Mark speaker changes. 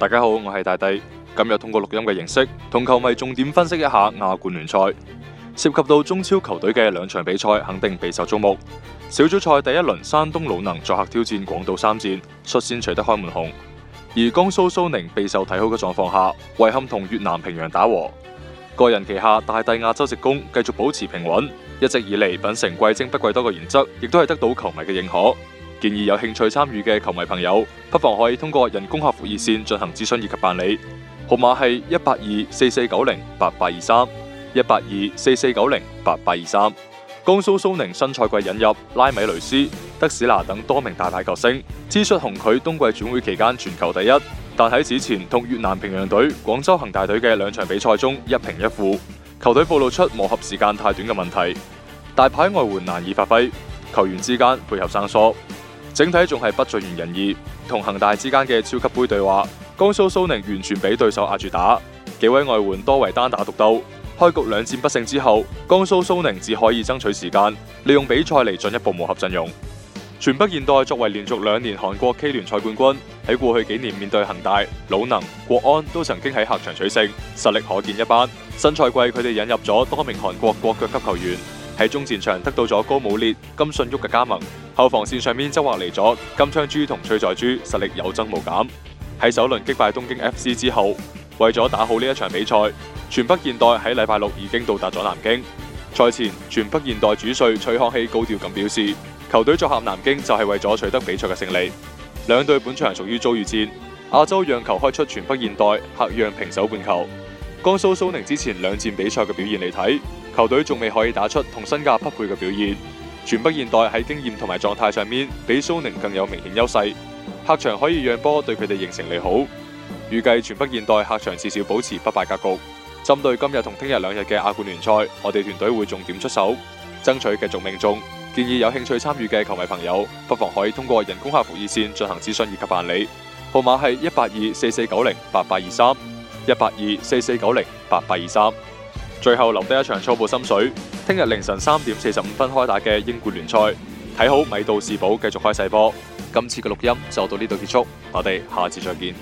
Speaker 1: 大家好，我係大帝，今日通過錄音嘅形式同球迷重點分析一下亞冠聯賽，涉及到中超球隊嘅兩場比賽肯定備受矚目。小組賽第一輪，山東魯能作客挑戰廣島三箭，率先取得開門紅；而江蘇蘇寧備受睇好嘅狀況下，遺憾同越南平陽打和。個人旗下大帝亞洲職工繼續保持平穩，一直以嚟秉承貴精不貴多嘅原則，亦都係得到球迷嘅認可。建議有興趣參與嘅球迷朋友，不妨可以通過人工客服熱線進行諮詢以及辦理。號碼係一八二四四九零八八二三一八二四四九零八八二三。江蘇蘇寧新賽季引入拉米雷斯、德史拿等多名大牌球星，支出雄踞冬，冬季轉會期間全球第一，但喺此前同越南平陽隊、廣州恒大隊嘅兩場比賽中一平一負，球隊暴露出磨合時間太短嘅問題，大牌外援難以發揮，球員之間配合生疏。整體仲係不盡如人意，同恒大之間嘅超級杯對話，江蘇蘇寧完全俾對手壓住打，幾位外援多為單打獨鬥。開局兩戰不勝之後，江蘇蘇寧只可以爭取時間，利用比賽嚟進一步磨合陣容。全北現代作為連續兩年韓國 K 聯賽冠軍，喺過去幾年面對恒大、魯能、國安都曾經喺客場取勝，實力可見一斑。新賽季佢哋引入咗多名韓國國腳級球員。喺中前場得到咗高武烈、金信煜嘅加盟，後防線上面則畫嚟咗金昌洙同崔在洙，實力有增無減。喺首輪擊敗東京 FC 之後，為咗打好呢一場比賽，全北現代喺禮拜六已經到達咗南京。賽前，全北現代主帥崔康熙高調咁表示，球隊作客南京就係為咗取得比賽嘅勝利。兩隊本場屬於遭遇戰，亞洲讓球開出全北現代客讓平手半球。江蘇蘇寧之前兩戰比賽嘅表現嚟睇。球隊仲未可以打出同身價匹配嘅表現，全北現代喺經驗同埋狀態上面比蘇寧更有明顯優勢。客場可以讓波對佢哋形成利好，預計全北現代客場至少保持不敗格局。針對今日同聽日兩日嘅亞冠聯賽，我哋團隊會重點出手，爭取繼續命中。建議有興趣參與嘅球迷朋友，不妨可以通過人工客服熱線進行諮詢以及辦理，號碼係一八二四四九零八八二三一八二四四九零八八二三。最後留低一場初步心水，聽日凌晨三點四十五分開打嘅英冠聯賽，睇好米道士堡繼續開細波。今次嘅錄音就到呢度結束，我哋下次再見。